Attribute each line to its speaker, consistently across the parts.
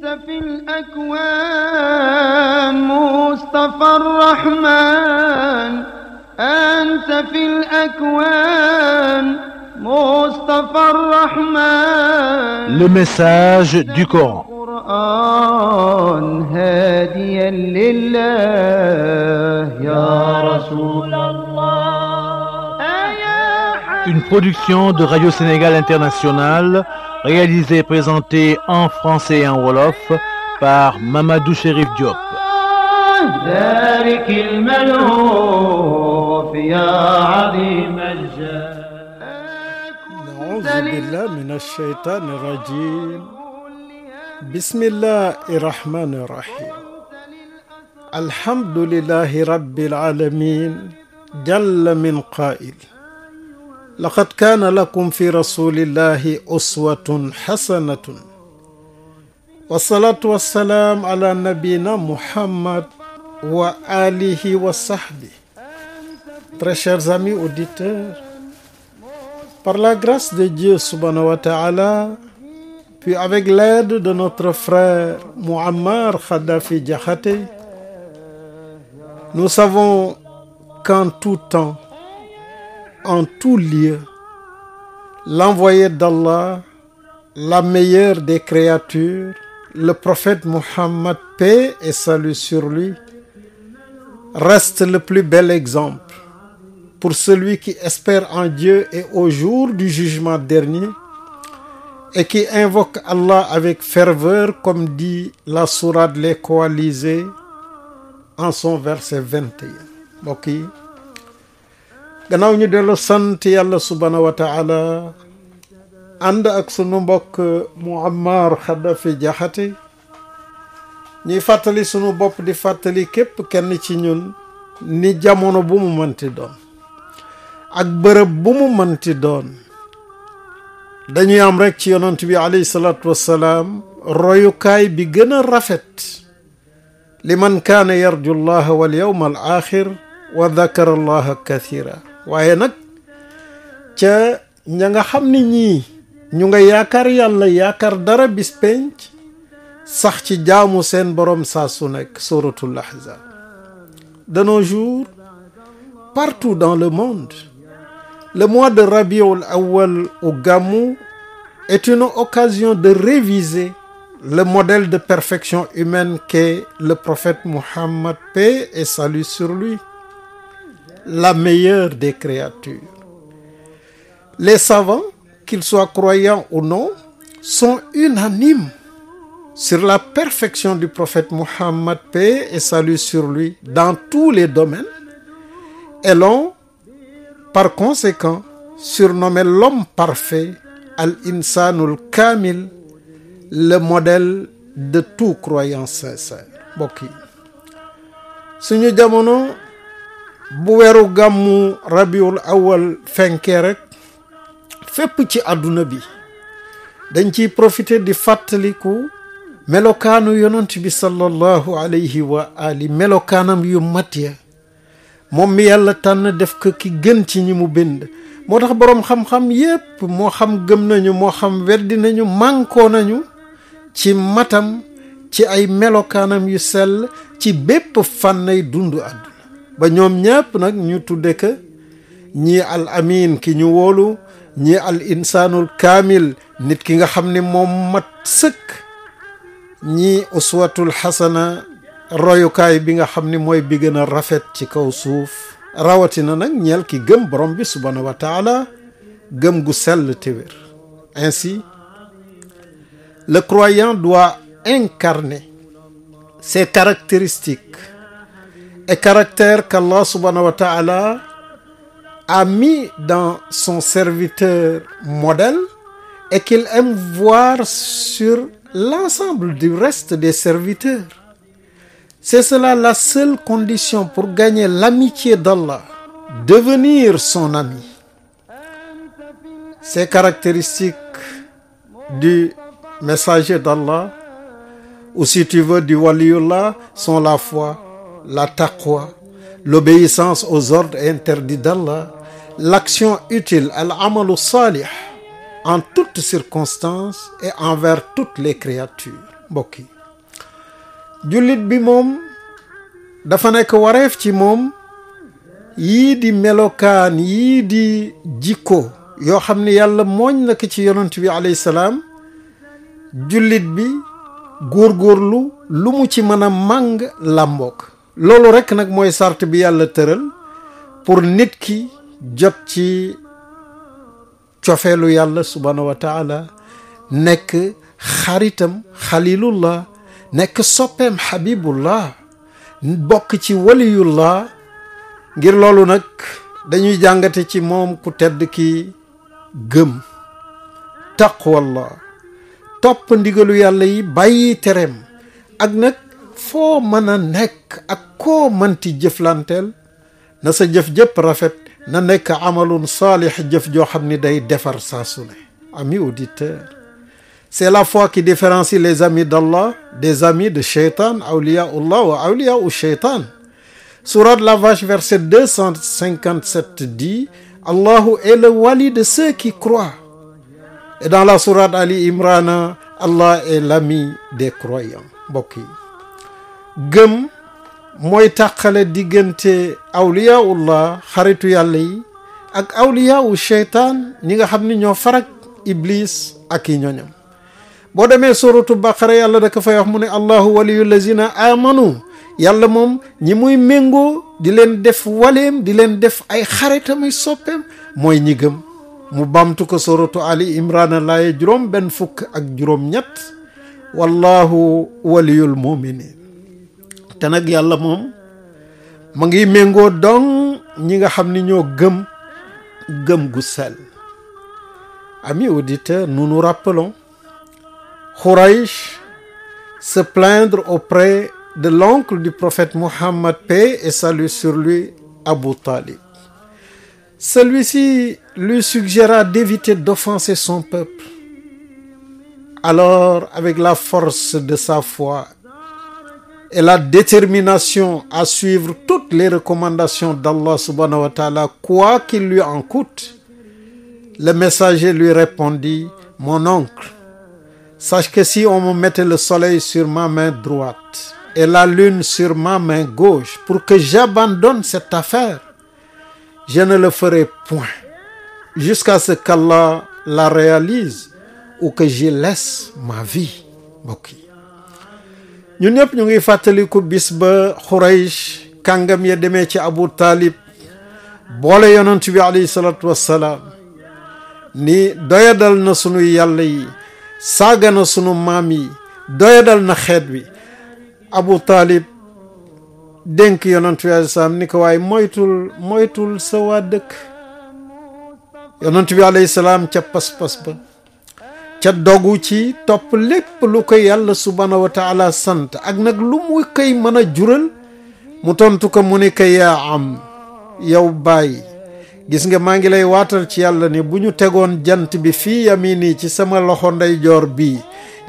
Speaker 1: في الأكوان مصطفى الرحمن أنت في الأكوان مصطفى الرحمن Le message du Coran القرآن هاديا لله
Speaker 2: يا رسول
Speaker 1: الله Une production de Radio Sénégal Internationale réalisé et présenté en français et en wolof par Mamadou Chérif Diop.
Speaker 2: أعوذ بالله
Speaker 1: من الشيطان الرجيم بسم الله الرحمن الرحيم الحمد لله رب العالمين جل من قائل laqad kaana lakum fi rasulillahi uswatun xasanatun wasalaatu wasalaam ala nabina muhammad wa alihi wa sahbi très chers amis auditeurs par la grâce de Dieu subhanahu wa ta'ala puis avec l'aide de notre frère Mouammar Khadafi Diakhaté nous savons qu'en tout temps en tout lieu l'envoyé d'Allah la meilleure des créatures le prophète Muhammad paix et salut sur lui reste le plus bel exemple pour celui qui espère en Dieu et au jour du jugement dernier et qui invoque Allah avec ferveur comme dit la sourate Les Coalisés en son verset 21 gannaaw ñu dellu sant yàlla subhaanahu wa taala ànd ak sunu mbokk Muammar Khadafi Jaxate ñuy fàttali sunu bopp di fàttali képp kenn ci ñun ni jamono bu mu mënti doon ak bërëb bu mu mënti doon dañuy am rekk ci yonent bi alayhi salaatu wassalaam royukaay bi gën a rafet liman kaana yarju llaha wal yawma al axir wa dakara allaha kathira waaye nag ca ña nga xam ni ñii ñu nga yaakaar yàlla yaakaar dara bis penc sax ci jaamu seen borom saa su nekk suratul ahzab de nos jour partout dans le monde le mois de rabiul awal ou gàmmu est une occasion de réviser le modèle de perfection humaine qu'est le prophète Muhammad paix et salut sur lui la meilleure des créatures. Les savants, qu'ils soient croyants ou non, sont unanimes sur la perfection du prophète Muhammad, paix et salut sur lui, dans tous les domaines, et l'ont, par conséquent, surnommé l'homme parfait, al-insanul kamil, le modèle de tout croyant sincère bu weeru gàmmu rabiul awwal fenke rek fépp ci àdduna bi dañ ciy profité di fàttaliku melokaanu yonent bi sallallahu alayhi wa melokaanam yu mat ya moom mi yàlla tànn def ko ki gën ci ñi mu bind moo tax boroom xam-xam yépp moo xam gëm nañu moo xam weddi nañu mànkoo nañu ci matam ci ay melokaanam yu sell ci bépp fànnay dundu àddu ba ñoom ñëpp nag ñu tudde que ñii al ki ñu woolu ñii al insaanul kaamil nit ki nga xam ni moom mat sëkk ñii uswatul xasana royukaay bi nga xam ni mooy bi gën a rafet ci kaw suuf rawatina nag ñeel ki gëm borom bi subhaanahu wa gëm gu sell te wér ainsi le croyant doit incarner ces caractéristiques et caractère qu'Allah subhanahu wa ta'ala a mis dans son serviteur modèle et qu'il aime voir sur l'ensemble du reste des serviteurs. C'est cela la seule condition pour gagner l'amitié d'Allah, devenir son ami. Ces caractéristiques du messager d'Allah, ou si tu veux du waliullah, sont la foi la taqwa, l'obéissance aux et interdits d'Allah, l'action utile, al-amalu salih, en toutes circonstances et envers toutes les créatures mbokk yi jullit bi moom dafa nekk wareef ci moom yii di melokaan yii di jikko yoo xam ne yàlla mooñ na ci yonent bi alayhi salaam jullit bi góorgóorlu lu mu ci mën a màng làmbook loolu rekk nag mooy sart bi yàlla tëral pour nit ki jot ci cofeelu yàlla subhaanahu wa taala nekk xaritam xalilullah nekk soppeem xabibullah bokk ci waliyullah ngir loolu nag dañuy jàngate ci moom ku tedd ki gëm taqwallah topp ndigalu yàlla yi bàyyi tereem ak nag foo mën a nekk ak koo mënti jëflanteel na sa jëf jëpp rafet na nekk amalun saalix jëf joo xam ni day defar saa su ne c'est la foi qui différencie les amis d'Allah des amis de Shaitan awliyaullah wa awliyau Shaitan sourate la vache verset 257 dit Allahu est le wali de ceux qui croient et la sourate Ali Imran Allah est l'ami des croyants mbokk yi gëm mooy tàqale diggante awliyaullah xaritu yàlla yi ak awliyaawu cheytaan ñi nga xam ni ñoo farak iblis ak i ñoñam boo demee suratu baqara yàlla da fay wax mu ne allahu waliyu lazina amanu yàlla moom ñi muy méngoo di leen def waleem di leen def ay xaritamay soppeem mooy ñi gëm mu baamtu ko suratu ali imrane laaye juróom benn fukk ak juróom ñett wallahu waliyul muminin te nag yàlla moom mu ngi méngoo dong ñi nga xam ni ñoo gëm gëm gu sell amis auditeurs nous nous rappelons Khouraïch se plaindre auprès de l'oncle du prophète Mohammed paix et salut sur lui Abou Talib celui-ci lui suggéra d'éviter d'offenser son peuple alors avec la force de sa foi et la détermination à suivre toutes les recommandations d'Allah subhanahu wa quoi qu'il lui en coûte. Le messager lui répondit, Mon oncle, sache que si on me mettait le soleil sur ma main droite et la lune sur ma main gauche pour que j'abandonne cette affaire, je ne le ferai point jusqu'à ce qu'Allah la réalise ou que j'y laisse ma vie. ñun ñëpp ñu ngi fàttaliku bis ba Xuraysh kàngam ya demee ci abutaalib Taalib boole yonent bi alayhi salaatu wassalaam ni doyadal na sunu yàlla yi saaga na sunu maam yi doyadal na xeet wi Abu Taalib dénk yonent bi alayhi salaam ni ko waaye moytul moytul sa waa dëkk yonent bi salaam ca pas ba ca dogu ci topp lépp lu ko yàlla subhaanahu wa sant ak nag lu mu koy mën a jural mu tontu ko mu ne ko yaa am yow bàyyi gis nga maa ngi lay waatal ci yàlla ni bu ñu tegoon jant bi fii yamini ci sama loxo ndeyjoor bii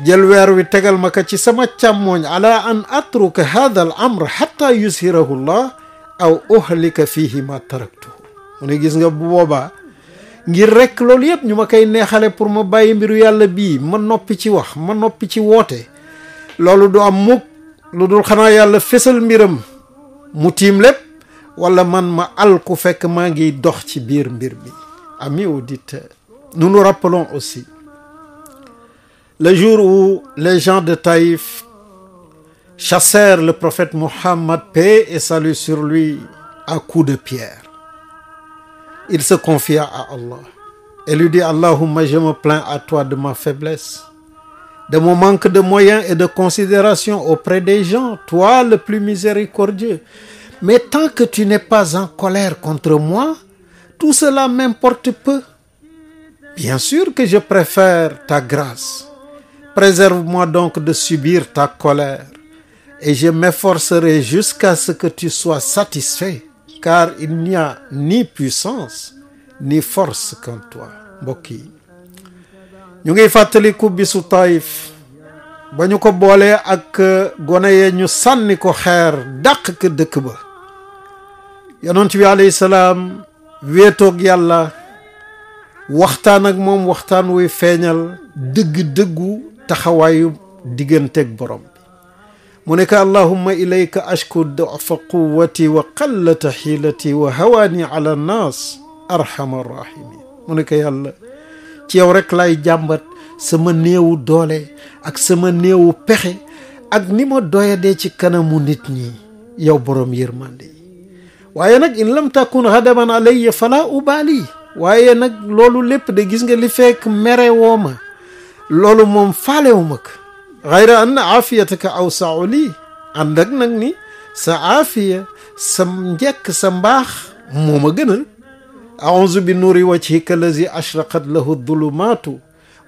Speaker 1: jël weer wi tegal ma ko ci sama càmmooñ ala an atruka hada amr xata yushirahu llah aw uhlika fihi taraktu mu ne gis nga bu boobaa ngir rekk loolu yëpp ñu ma koy neexale pour ma bàyyi mbiru yàlla bii ma noppi ci wax ma noppi ci woote loolu du am mukk lu dul xanaa yàlla fésal mbiram mu tiim lépp wala man ma alku fekk maa ngi dox ci biir mbir bi ami auditeurs nous nous rappelons aussi le jour où les gens de Taïf chassèrent le prophète Mohammed paix et salut sur lui à coups de pierre il se confia à Allah et lui dit Allahumma je me plains à toi de ma faiblesse de mon manque de moyens et de considération auprès des gens toi le plus miséricordieux mais tant que tu n'es pas en colère contre moi tout cela m'importe peu bien sûr que je préfère ta grâce préserve-moi donc de subir ta colère et je m'efforcerai jusqu'à ce que tu sois satisfait car il n'y ni puissance ni force qu'en toi mbokk yi ñu ngi fàttaliku bisu Taïf ba ñu ko boolee ak euh, gone yee ñu sànni ko xeer dàq ka dëkk ba yonent bi alayhi salaam wéetoog yàlla waxtaan ak moom waxtaan wuy feeñal dëgg-dëggu taxawaayu digganteeg borom mu ne ko allahumma ilayka ashku dofa quwati wa qallata xiilati wa hawaani ala nnaas arhamar rahimin mu ne ko yàlla ci yow rek lay jàmbat sama néewu doole ak sama néewu pexe ak ni ma doyadee ci kanamu nit ñi yow boroom yërmande yi waaye nag in lam takun hadaman alayya fala ubaali waaye nag loolu lépp de gis nga li fekk mere woo ma loolu moom faalewu ma ko xayra an aafiyataka awsau lii ànd ak nag ni sa aafiya sa njëkk sa mbaax moo ma gënal auzu bi nuuri wajhika allazi ashraqat lahu dulumaatu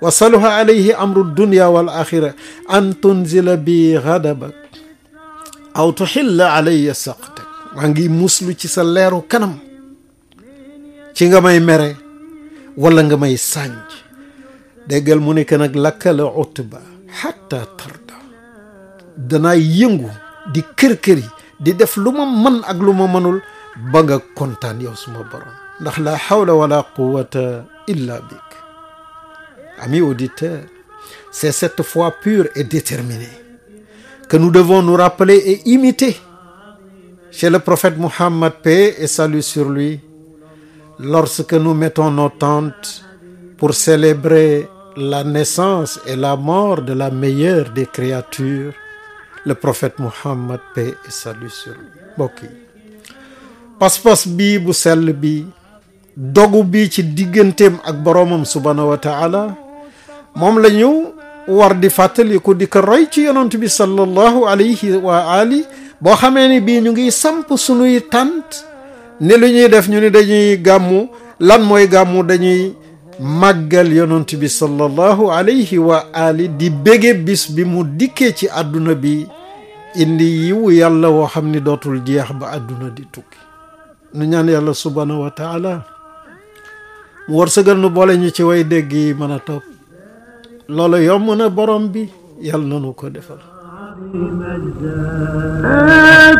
Speaker 1: wa salaha alayhi amru dunya wal axira an tunzila bi xadabak aw tuxilla alayya saqtak maa ngi muslu ci sa leeru kanam ci nga may mere wala nga may sànj déggal mu nekk nag lakka la utba xatta tarda danaa yëngu di kër-kër yi di def lu ma mën ak lu ma mënul ba nga kontaan yow suma ndax la hawla wala quwwata illa bik amis auditeurs c'est cette foi pure et déterminée que nous devons nous rappeler et imiter chez le prophète Muhammad paix et salut sur lui lorsque nous mettons nos tentes pour célébrer la naissance et la mort de la meilleure des créatures le prophète Muhammad paix et salut sur lui mbokk yi pas-pas bii bu sell bi dogu bi ci digganteem ak boroomam subhaanahu wa taala moom la ñu war di fàttaliku di ko roy ci yonent bi sallallahu alayhi wa ali boo xamee ni bii ñu ngi samp sunuy tànt ne lu ñuy def ñu ni dañuy gàmmu lan mooy gàmmu dañuy màggal yonent bi sallallahu alayhi wa ali di bége bis bi mu dikkee ci àdduna bi indi yiwu yàlla woo xam ni dootul jeex ba àdduna di tukki nu ñaan yàlla subhaanahu wa taala mu wërsëgal nu boole ñu ci way dégg mën a topp loolu yomb na borom bi yàlla nanu ko defal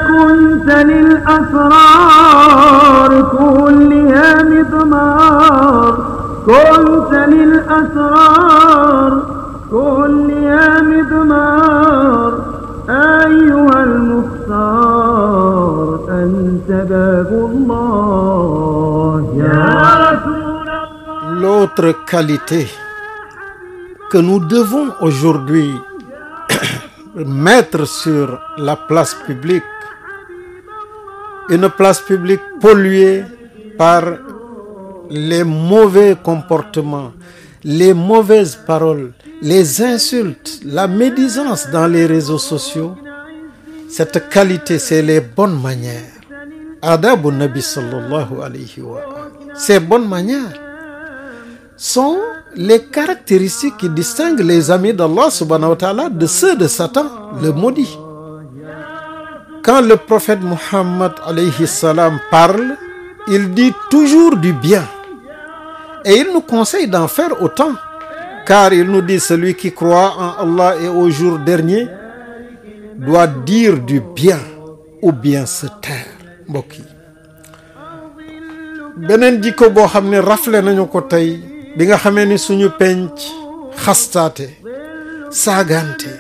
Speaker 1: كنت للأسرار كلها مضمار كنت للأسرار كن يا مدمار أيها المختار أنت باب الله يا رسول الله L'autre qualité que nous devons aujourd'hui mettre sur la place publique, une place publique polluée par les mauvais comportements, les mauvaises paroles, les insultes, la médisance dans les réseaux sociaux. Cette qualité, c'est les bonnes manières. Adabu Nabi Ces bonnes manières sont les caractéristiques qui distinguent les amis d'Allah subhanahu wa ta'ala de ceux de Satan, le maudit. Quand le prophète Muhammad parle, il dit toujours du bien. Et il nous conseille d'en faire autant, car il nous dit, celui qui croit en Allah et au jour dernier doit dire du bien ou bien se taire mbokk yi beneen jikko boo xam ne rafle nañu ko tey bi nga xamee ni suñu penc xastaate saagaante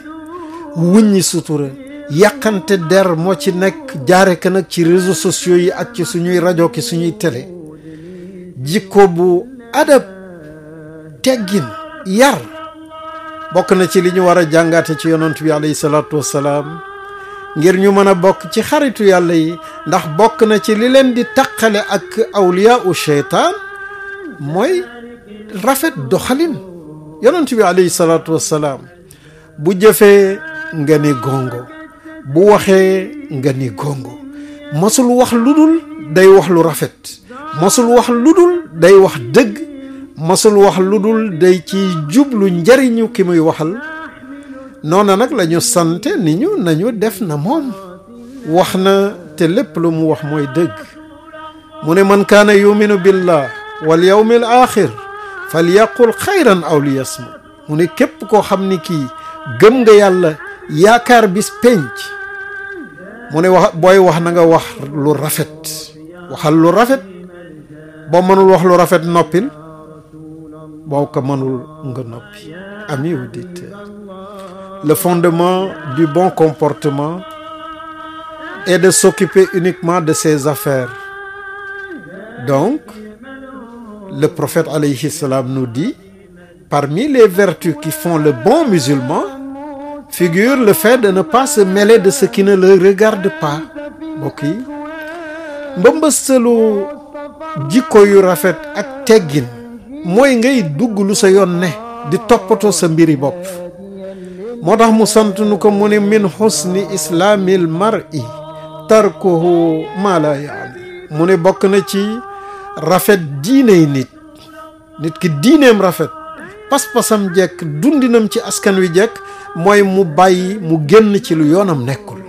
Speaker 1: wuññi sutura yàqante der moo ci nekk jaare ka nag ci réseaux sociaux yi ak ci suñuy rajo ki suñuy télé jikko bu adab teggin yar bokk na ci li ñu war a jàngaate ci yonent bi alayhi ngir ñu mën a bokk ci xaritu yàlla yi ndax bokk na ci li leen di taqale ak awliyaau sheytaan mooy rafet doxalin yonent bi alayhi salaatu wassalaam bu jëfee nga ni gongo bu waxee nga ni gongo mosul wax lu dul day wax lu rafet masul wax lu dul day wax dëgg masul wax lu dul day ci jublu njariñu ki muy waxal noona nag lañu sante ni ñu nañu def na moom wax na te lépp lu mu wax mooy dëgg mu ne mën man kaana yuminu billah wal yawmil axir fal yaqul xayran aw li yasmu mu ne képp koo xam ni kii gëm nga yàlla yaakaar bis penc mu ne wax booy wax na nga wax lu rafet waxal lu rafet boo mënul wax lu rafet noppil boo ko mënul nga le fondement du bon comportement est de s'occuper uniquement de ses affaires donc le prophète alayhi salam nous dit parmi les vertus qui font le bon musulman figure le fait de ne pas se mêler de ce qui ne le regarde pas mbokk yi mbëmbëstalu jikko yu rafet ak teggin mooy ngay dugg lu sa yoon ne di toppatoo sa mbiri bopp moo tax mu sant nu ko mu ne min xusni islaamil mar'i tarkuhu maa laa mu ne bokk na ci rafet diiney nit nit ki diineem rafet pas-pasam jekk dundinam ci askan wi jekk mooy mu bàyyi mu génn ci lu yoonam nekkul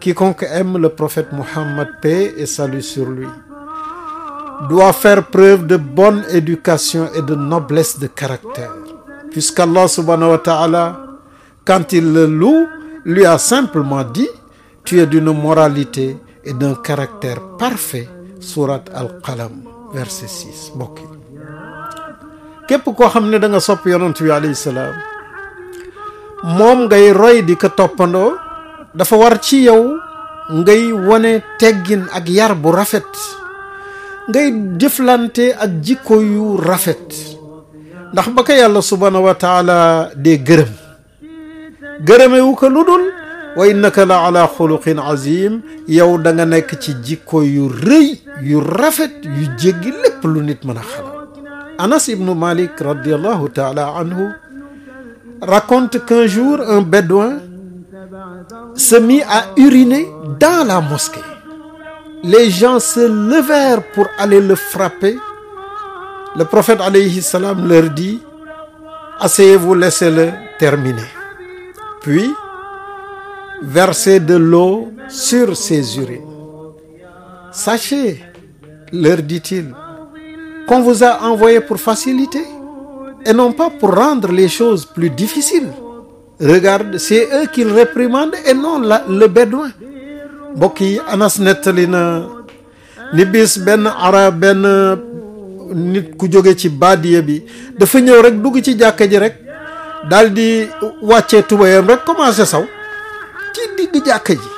Speaker 1: Quiconque aime le prophète Muhammad, paix et salut sur lui, doit faire preuve de bonne éducation et de noblesse de caractère, puisqu'Allah subhanahu wa ta'ala, quand il le loue, lui a simplement dit, tu es d'une moralité et d'un caractère parfait. Sourate Al-Qalam verset 6 koo xam ne da nga sopp yonent bi roy di ko toppandoo dafa war ci yow ngay wone teggin ak yar bu rafet ngay jëflante ak jikko yu rafet ndax ba ko yàlla subhaanahu wa taala dee gërëm gërëmewu ko lu dul wa innaka la ala xuluqin azim yow da nga nekk ci jikko yu rëy yu rafet yu jéggi lépp lu nit mën a xalaat Anas ibnu Malik radiallahu taala anhu raconte qu'un un bédouin se mit à uriner dans la mosquée. Les gens se levèrent pour aller le frapper. Le prophète alayhi salam leur dit, asseyez-vous, laissez-le terminer. Puis, versez de l'eau sur ses urines. Sachez, leur dit-il, qu'on vous a envoyé pour facilité et non pas pour rendre les choses plus difficiles. regarde c'est eux qu'ils et non la le bédouin yi Anas nettali na ni bis benn ara benn nit ku jóge ci baadiya bi dafa ñëw rek dugg ci jàkka ji rek dal di wàccee tubayam rek commencé saw ci digg jàkka ji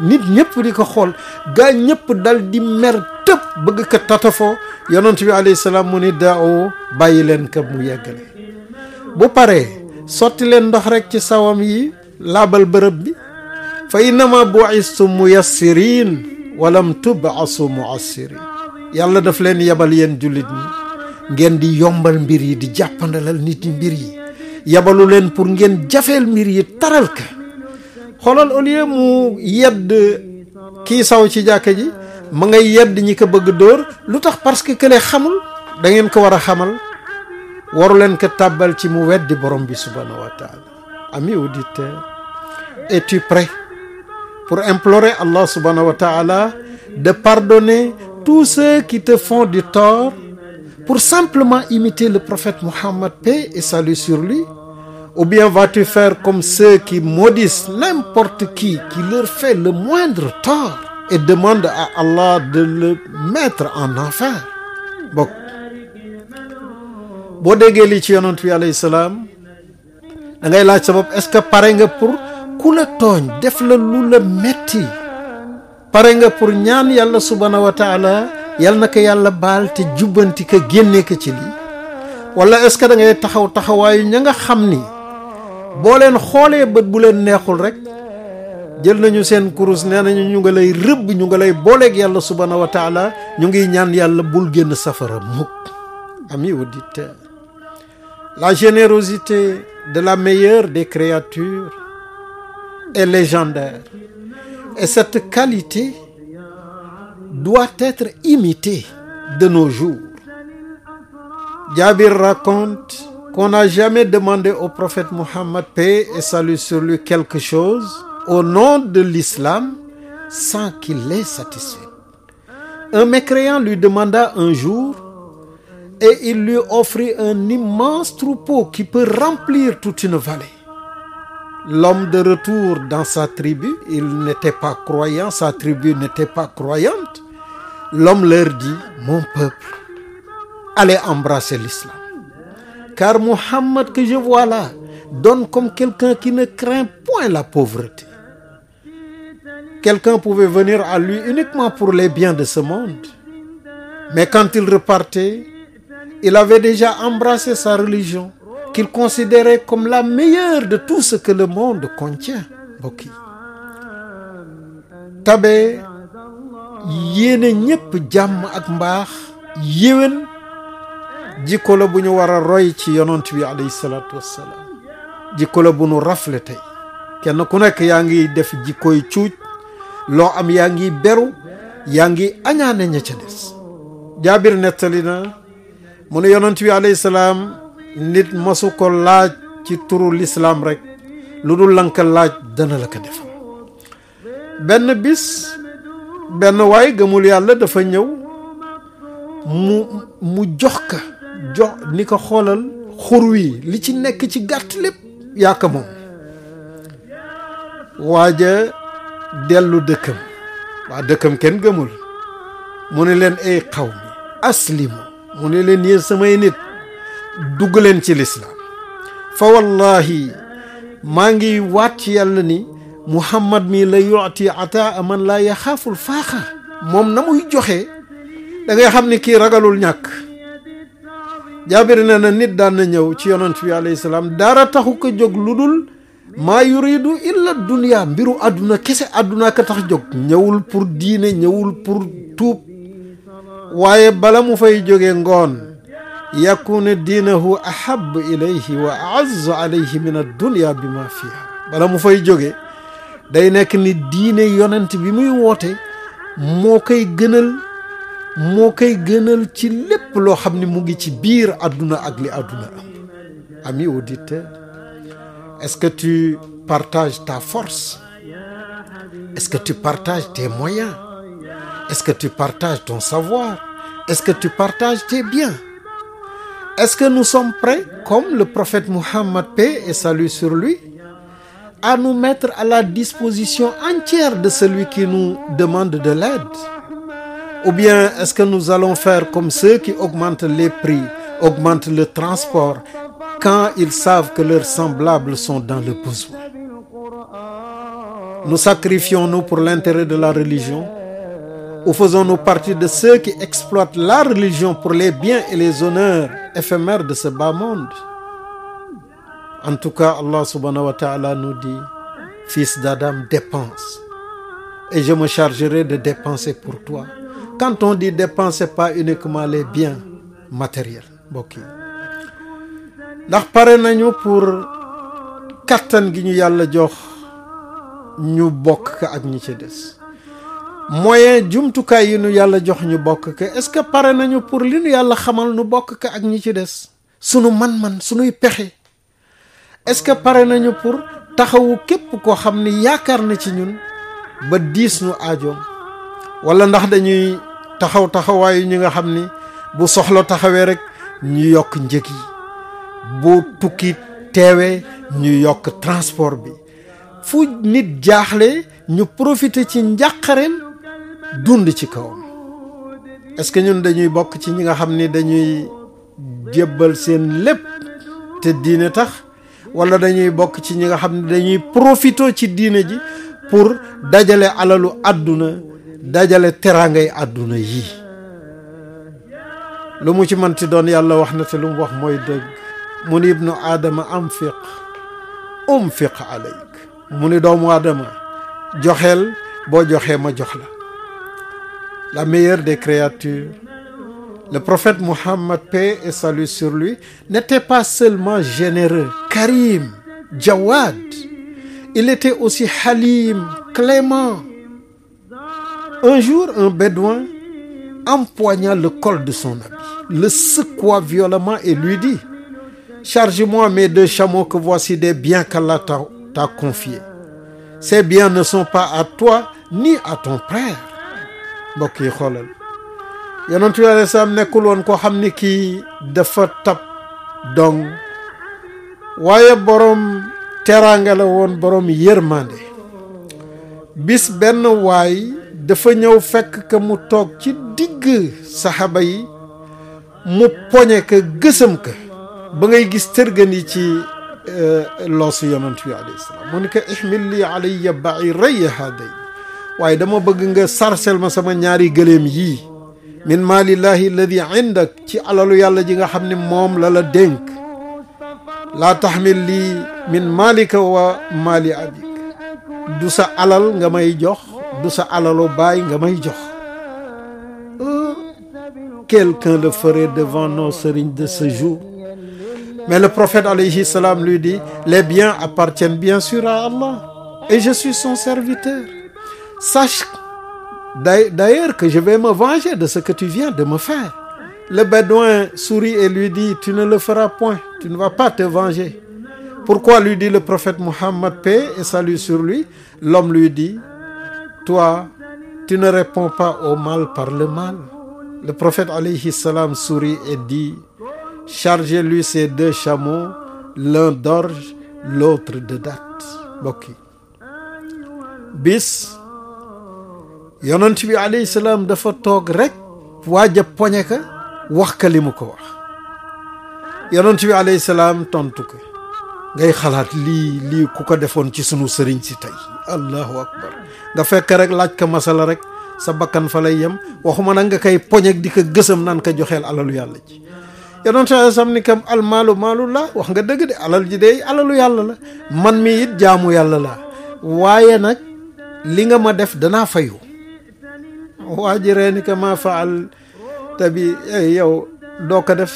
Speaker 1: nit ñëpp di ko xool gaa ñëpp dal di mer tëb bëgg ko tatafoo yonent bi alayhi salaam mu ni daaw bàyyi leen ko mu yeggale bu paree sotti leen ndox rek ci sawam yi laabal bërëb bi fa innama bu'istu muyassirin walam tub'asu mu'assirin yàlla daf leen yebal yéen jullit ñi ngeen di yombal mbir yi di jàppandalal nit ñi mbir yi yebalu leen pour ngeen jafeel mbir yi taral ka xoolal au mu yedd kii saw ci jàkka ji ma nga yedd ñi ko bëgg dóor lu tax parce que kële xamul da ngeen ko war a xamal waru leen ko tàbbal ci mu weddi borom bi subhanahu wa ami auditeur es-tu prêt pour implorer Allah subhanahu wa taala de pardonner tous ceux qui te font du tort pour simplement imiter le prophète Mohammed paix et salut sur lui ou bien vas-tu faire comme ceux qui maudissent n'importe qui qui leur fait le moindre tort et demandent à Allah de le mettre en enfer boo déggee lii ci yonent bi alayhi salaam da ngay laaj sa bopp est-ce que pare nga pour ku la tooñ def la lu la metti pare nga pour ñaan yàlla subhaanahu wa taala yal na ko yàlla baal te jubbanti ka génne ko ci lii wala est-ce que da ngay taxaw taxawaayu ña nga xam ni boo leen xoolee bët bu leen neexul rek jël nañu seen kurus nee nañu ñu nga lay rëbb ñu nga lay booleeg yàlla subhaanahu wa taala ñu ngi ñaan yàlla bul génn safara mukk ami auditeur La générosité de la meilleure des créatures est légendaire et cette qualité doit être imitée de nos jours. Jabir raconte qu'on n'a jamais demandé au prophète Mohammed paix et salut sur lui quelque chose au nom de l'islam sans qu'il l'ait satisfait. Un mécréant lui demanda un jour et il lui offrit un immense troupeau qui peut remplir toute une vallée. L'homme de retour dans sa tribu, il n'était pas croyant, sa tribu n'était pas croyante. L'homme leur dit, mon peuple, allez embrasser l'islam. Car Mohammed que je vois là donne comme quelqu'un qui ne craint point la pauvreté. Quelqu'un pouvait venir à lui uniquement pour les biens de ce monde. Mais quand il repartait, Il avait déjà embrassé sa religion, qu'il considérait comme la meilleure de tout ce que le monde contient mbokk yi tabe yéene ñépp jàmm ak mbaax yéwén jikko la bu ñu war a roy ci yonent bi alayhi salaatu wassalaam jikko la bu nu rafle tey kenn ku nekk yaa ngi def jikkoy cuuj loo am yaa ngi beru yaa ngi añaane ña ca des na mu ne yonent bi alayhi salaam nit masu ko laaj ci turu lislaam rek lu dul lanka laaj dana la ko defal benn bis benn waay gëmul yàlla dafa ñëw mu mu jox ka jox ni ko xoolal xur wi li ci nekk ci gàtt lépp yaa ko moom waaja dellu dëkkam waa dëkkam kenn gëmul mu ne leen ay xaw mi aslimu mu ne leen yéen samay nit dugg leen ci lislaam fa wallahi maa ngi waat ci yàlla ni muhammad mii la yuti ataa man laa yaxaaful faaxa moom na muy joxe dangay xam ni kii ragalul ñàkk jaabir na na nit daan na ñëw ci yonent bi alayhi salaam dara taxu ko jóg lu dul maa yuridu illa dunia mbiru àdduna kese àdduna ka tax jóg ñëwul pour diine ñëwul pour tuub waaye bala mu fay jóge ngoon yakuna diinahu ahab ilayhi wa aazzu alayhi min addunia bi ma fiha bala mu fay jóge day nekk ni diine yonent bi muy woote moo koy gënal moo koy gënal ci lépp loo xam ni mu ngi ci biir àdduna ak li àdduna am ami auditeur est tu partages ta force est-ce que tu partage tes moyens Est-ce que tu partages ton savoir? Est-ce que tu partages tes biens? Est-ce que nous sommes prêts, comme le prophète Muhammad, paix et salut sur lui, à nous mettre à la disposition entière de celui qui nous demande de l'aide? Ou bien est-ce que nous allons faire comme ceux qui augmentent les prix, augmentent le transport, quand ils savent que leurs semblables sont dans le besoin? Nous sacrifions-nous pour l'intérêt de la religion? Ou faisons-nous partie de ceux qui exploitent la religion pour les biens et les honneurs éphémères de ce bas monde? En tout cas, Allah subhanahu wa ta'ala nous dit, fils d'Adam, dépense, et je me chargerai de dépenser pour toi. Quand on dit dépenser, pas uniquement les biens matériels, mbokk yi ndax pare pour kattan gi ñu yàlla jox ñu bokk ak ñi ci des. moyen jumtukaay yi nu yàlla jox ñu bokk ko est-ce que pare nañu pour li nu yàlla xamal nu bokk ko ak ñu ci des sunu man-man sunuy pexe est-ce que pare nañu pour taxawu képp koo xam ni yaakaar na ci ñun ba diis nu aajoom wala ndax dañuy taxaw taxawaayu ñi nga xam ni bu soxla taxawee rek ñu yokk njëg yi bu tukki teewee ñu yokk transport bi fu nit jaaxle ñu profiter ci njàqareem dund ci kawam est-ce que ñun dañuy bokk ci ñi nga xam ni dañuy jébbal seen lépp te diine tax wala dañuy bokk ci ñi nga xam ne dañuy profito ci diine ji pour dajale alalu àdduna dajale teraangay àdduna yi lu mu ci mënti doon yàlla wax na te lu mu wax mooy dëgg mu ni ibnu aadama am anfiq umfiq alayk mu ni doomu aadama joxeel boo joxee ma jox la la meilleure des créatures. Le prophète Mohammed, paix et salut sur lui, n'était pas seulement généreux, Karim, Jawad. Il était aussi Halim, clément. Un jour, un bédouin empoigna le col de son habit, le secoua violemment et lui dit: Charge-moi mes deux chameaux que voici des biens qu'Allah t'a confiés. Ces biens ne sont pas à toi ni à ton frère. mbokk yi xoolal yonentu bi nekkul woon koo xam ne kii dafa tab dong waaye borom teraanga la woon borom yërmande bis benn waay dafa ñëw fekk ka mu toog ci digg saxaaba yi mu poñe ka gësam ka ba ngay gis tërgan yi ci euh, loosu yonent bi mu ni ko ihmil li alayya ba'iray haaday waaye dama bëgg nga sarsel ma sama ñaari gëléem yii min malillahi alladi indak ci alalu yàlla ji nga xam ne moom la la dénk laa taxmil lii min malika wa mali abik du sa alal nga may jox du sa alalu baay nga may jox quelqu'un le ferait devant nos sëriñ de ce jour mais le prophète alayhi salam lui dit les biens appartiennent bien sûr et je suis son serviteur Sache d'ailleurs que je vais me venger de ce que tu viens de me faire. Le Bédouin sourit et lui dit, tu ne le feras point, tu ne vas pas te venger. Pourquoi lui dit le prophète Mohammed, paix et salut sur lui? L'homme lui dit, toi, tu ne réponds pas au mal par le mal. Le prophète alayhi salam sourit et dit, chargez-lui ces deux chameaux, l'un d'orge, l'autre de dattes. yonent bi alayhi salaam dafa toog rek waa a poñe wax ka li mu ko wax yonent bi alayhi salaam tontu ko ngay xalaat lii lii ku ko defoon ci sunu sëriñ si tey allahu akbar nga fekk rek laaj ka masala rek sa bakkan fa lay yem waxuma nag nga koy poñeg di ko gësëm naan ko joxeel alalu yàlla ji yonent bi alayhi ni kam al maalu maalu la wax nga dëgg de alal ji day alalu yàlla la man mi it jaamu yàlla la waaye nag li nga ma def danaa fayu waajiree ni ma faal te bi eh, yow doo ko def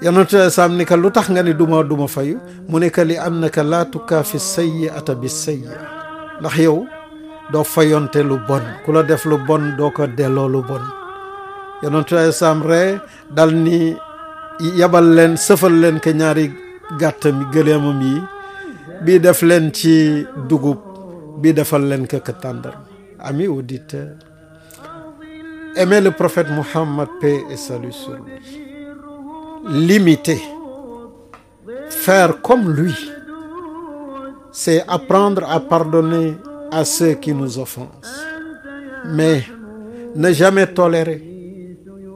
Speaker 1: yonentu ni ka lu tax nga ni duma duma fayu mu ne ka li am naka laa tukaafi sayyi'ata bi sayyi'a ndax yow doo fayonte lu bon ku la def lu bon doo ko delloo lu bon yonentu ree dal ni yabal leen sëfal leen ke ñaari gàttami gëleemam yi bii def leen ci dugub bii defal leen ko tàndar amis auditeurs, aimez le prophète Muhammad, paix et salut sur lui. L'imiter, faire comme lui, c'est apprendre à pardonner à ceux qui nous offensent. Mais ne jamais tolérer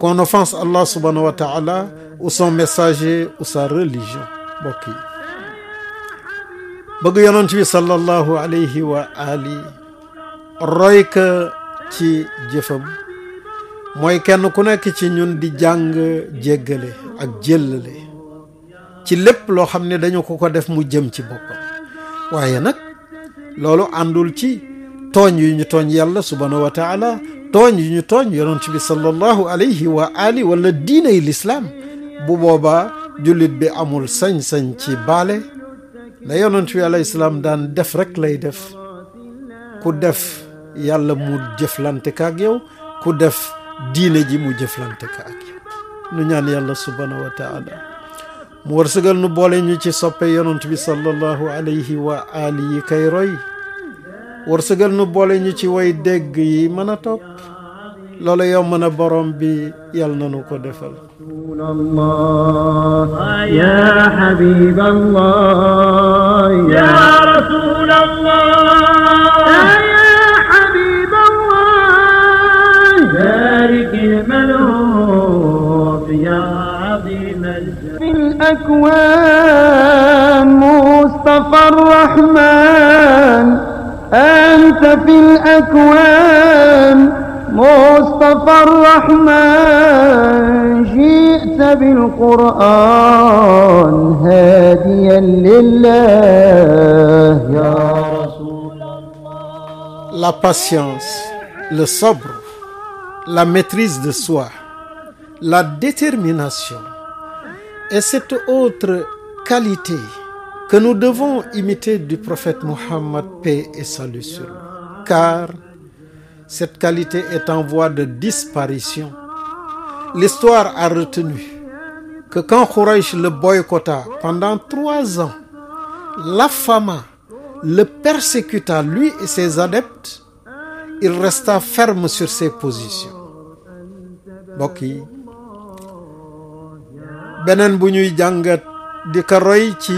Speaker 1: qu'on offense Allah subhanahu wa ta'ala ou son messager ou sa religion mbokk yi sallallahu alayhi wa ali roy ci jëfam mooy kenn ku nekk ci ñun di jàng jéggale ak jéllale ci lépp loo xam ne dañu ko ko def mu jëm ci boppam waaye nag loolu àndul ci tooñ yu ñu tooñ yàlla subhaanahu wa tooñ yu ñu tooñ yonent bi sallallahu alayhi wa ali wala diinay lislaam bu boobaa jullit bi amul sañ-sañ ci baale na yonent bi alayhi salaam daan def rek lay def ku def yàlla mu jëflante ka ak yow ku def diine ji mu jëflante ka ak yow nu ñaan yàlla subhaanahu wa taala mu wërsëgal nu boole ñu ci soppe yonent bi sallallahu alayhi wa alihi kay roy wërsëgal nu boole ñu ci woy dégg yi mën a topp loolu yow mën a borom bi yàlla nanu ko defal ya ya rasul الأكوان مصطفى الرحمن أنت في الأكوان مصطفى الرحمن جئت بالقرآن هاديا لله يا رسول الله La patience, le sabre, la maîtrise de soi, la détermination Et cette autre qualité que nous devons imiter du prophète Mohammed, paix et salut car cette qualité est en voie de disparition. L'histoire a retenu que quand Quraysh le boycotta pendant trois ans, l'affama, le persécuta, lui et ses adeptes, il resta ferme sur ses positions. Mbokk yi beneen bu ñuy jàngat di ko roy ci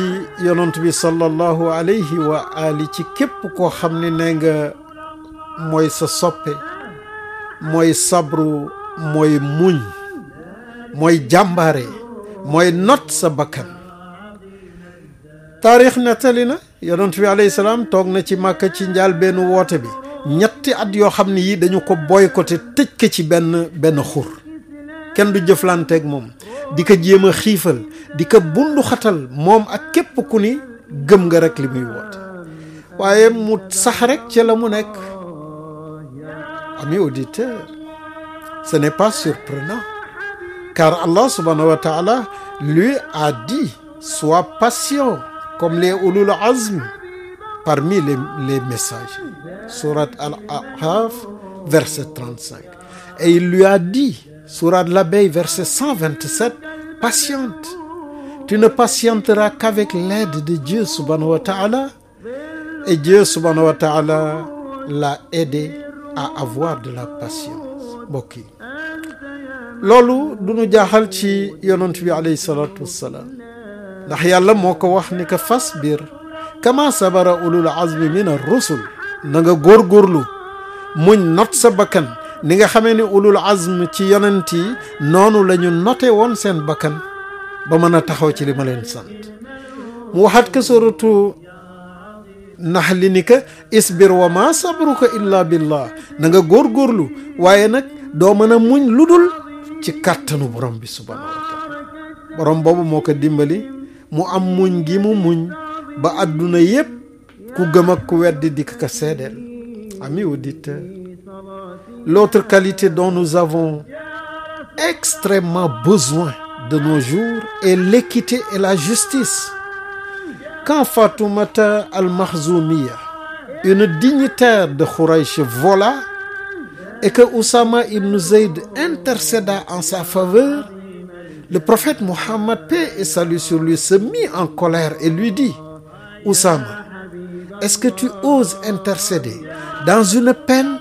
Speaker 1: yonent bi sallallahu alayhi wa ali ci képp koo xam ni ne nga mooy sa soppe mooy sabru mooy muñ mooy jàmbaare mooy not sa bakkan taarix nettali na yonent bi alayhi salaam toog na ci màkk ci njaal benn woote bi ñetti at yoo xam ne yi dañu ko boycotté tëj ko ci benn benn xur kenn du jëflanteeg moom di ko jéem a xiifal di ko bundu xatal moom ak képp ku ni gëm nga rek li muy woote waaye mu sax rek ci la mu nekk ami auditeur ce n'est pas surprenant car Allah subhanahu wa lui a dit sois patient comme les ulul azm parmi les les messagers Al-Ahqaf verset 35 et lui a dit Sourate l'Abeille, verset 127, patiente. Tu ne patienteras qu'avec l'aide de Dieu subhanahu wa ta'ala. Et Dieu subhanahu wa ta'ala l'a aidé à avoir de la patience mbokk loolu du ñu jaaxal ci yonent bi alayhi salaatu wassalaam ndax yàlla moo ko wax ni ko fasbir kama sabara ulul azmi min ar-rusul na nga góorgóorlu muñ not sa bakkan ni nga xamee ni ulul azm ci yonent yi noonu la ñu note woon seen bakkan ba mën a taxaw ci li ma leen sant mu waxaat ka suratu nax li ni ka isbir wa ma sabruka illa billah na nga góorgóorlu waaye nag doo mën a muñ lu dul ci kàttanu borom bi subhanahu borom boobu moo ko dimbali mu am muñ gi mu muñ ba àdduna yépp ku gëm ak ku di dikk ko seedeel ami auditeur L'autre qualité dont nous avons extrêmement besoin de nos jours est l'équité et la justice. Quand Fatoumata al-Makhzoumiya, une dignitaire de Khouraïch, vola et que Oussama ibn Zayd intercéda en sa faveur, le prophète Mohammed, paix et salut sur lui, se mit en colère et lui dit: Oussama, est-ce que tu oses intercéder dans une peine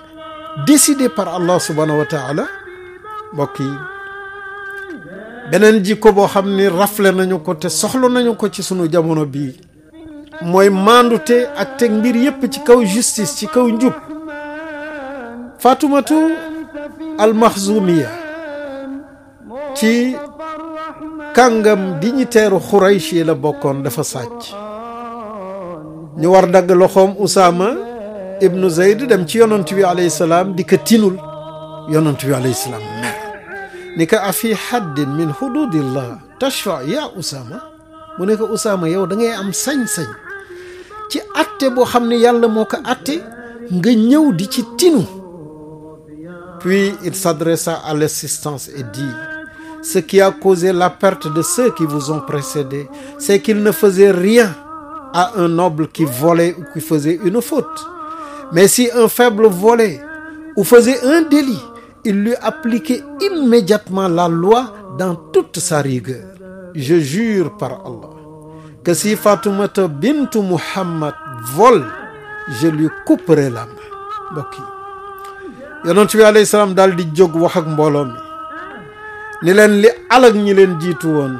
Speaker 1: décidé par Allah subhanahu wa taala yi beneen jikko boo xam ni rafle nañu ko te soxla nañu ko ci sunu jamono bii mooy maandute ak teg mbir yépp ci kaw justice ci kaw njub faatumatu al-Maxzumiya ci kàngam dignitaire Xuraysh yi la bokkoon dafa sàcc ñu war dagg loxoom Usaama ibnu zeyd dem ci yonant bi alayhi salaam di ko tinul yonant bi alayhi salaam mer ni ko afi haddin min hududillah tashfa ya usama mu ne ko usama yow da ngay am sañ-sañ ci atte boo xam ne yàlla moo ko atte nga ñëw di ci tinu puis il s'adressa à l'assistance et dit ce qui a causé la perte de ceux qui vous ont précédés c'est qu'ils ne faisaient rien à un noble qui volait ou qui faisait une faute Mais si un faible volait ou faisait un délit, il lui appliquait immédiatement la loi dans toute sa rigueur. Je jure par Allah que si bintu Muhammad vole, je lui couperai la main. mbokk yi yonent bi salaam daal di jog wax ak mbooloo ni leen li alag ñi leen woon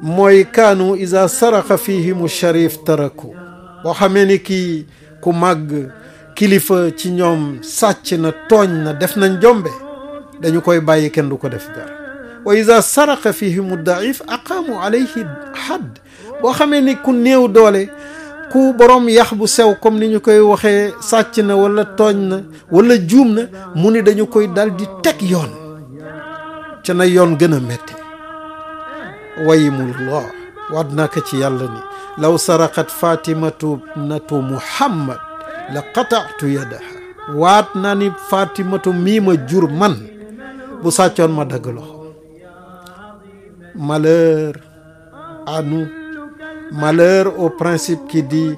Speaker 1: mooy kaanu isa saraxa fihimu sharif taraku boo xamee ni kii ku màgg kilifa ci ñoom sàcc na tooñ na def nañ jombe dañu koy bàyyi kenn du ko def dara wa iza saraqa fihimu daif aqaamu alayhi hadd boo xamee ni ku néew doole ku boroom yax bu sew comme ni ñu koy waxee sàcc na wala tooñ na wala juum na mu ni dañu koy dal di teg yoon ca na yoon gën a metti wayimullah waat naa ko ci yàlla ni law saraqat fatimatu natu muhammad la qataatu yadaha waat naa ni fatimatu mii ma jur man bu sàccoon ma dagg malheur à nous malheur au principe qui dit